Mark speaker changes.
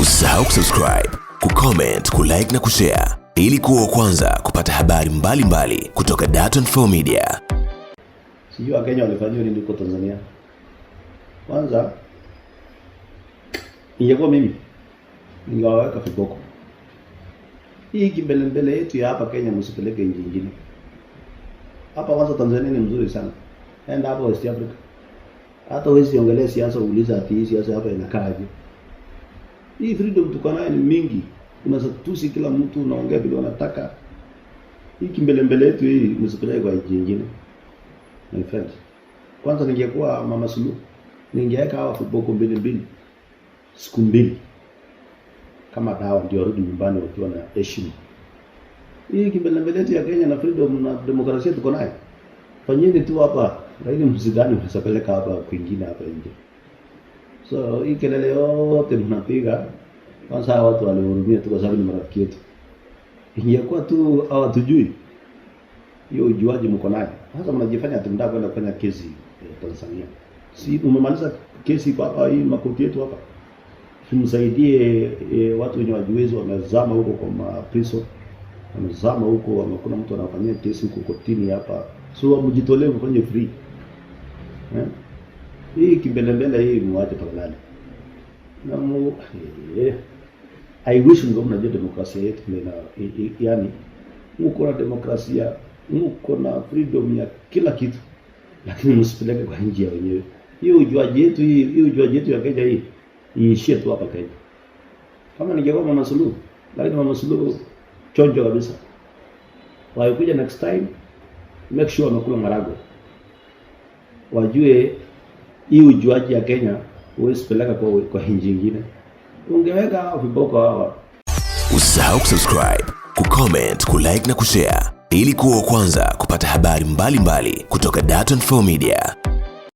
Speaker 1: Usisahau kusubscribe, kucomment, kulike na kushare ili kuwa kwanza kupata habari mbalimbali mbali kutoka Dar24 Media.
Speaker 2: Sijui Wakenya walifanyia nini huko Tanzania. Kwanza ingekuwa mimi ningewaweka viboko. Hii kimbele mbele yetu ya hapa Kenya msipeleke nchi nyingine. Hapa kwanza Tanzania ni mzuri sana. Enda hapo West Africa. Hata huwezi ongelea siasa uuliza ati siasa hapa inakaaje. Hii freedom tuko nayo ni mingi, Unaweza tusi kila mtu, unaongea vile unataka. Hii kimbele mbele yetu hii msipeleke kwa nchi nyingine. My friend. Kwanza ningekuwa Mama Sulu, ningeweka hawa viboko mbili mbili siku mbili kama dawa, ndio rudi nyumbani ukiwa na heshima. Hii kimbele mbele yetu ya Kenya na freedom na demokrasia tuko nayo, fanyeni tu hapa, lakini msidhani mtasapeleka hapa kwingine hapa nje. So hii kelele yote mnapiga kwanza, hawa watu walihurumia tu kwa sababu ni marafiki yetu. Ingekuwa tu hawatujui, hiyo ujuaji mko naye Sasa mnajifanya tumda kwenda kufanya kesi eh, Tanzania, si umemaliza kesi kwa hapa, hii makoti yetu hapa. Tumsaidie eh, watu wenye wajiwezi wamezama huko kwa mapriso, wamezama huko, kuna mtu anafanyia kesi huko kotini hapa, so mjitolee mfanye free eh? hii kimbelembele hii muache pakalale na mu eh, I wish mngo mnajua demokrasia yetu na yani, mko na demokrasia mko na freedom ya kila kitu, lakini msipeleke kwa njia wenyewe. Hiyo ujuaji yetu hii hiyo ujuaji yetu ya Kenya hii iishie tu hapa Kenya. Kama ningekuwa Mama Suluhu, lakini Mama Suluhu chonjo kabisa. Waikuja next time make sure wamekula marago, wajue hii ujuaji ya Kenya huwezi peleka kwa, kwa nchi ingine, ungeweka viboko hawa. Usisahau kusubscribe, kucomment, kulike na kushare ili kuwa wa kwanza kupata habari mbalimbali mbali kutoka Dar24 Media.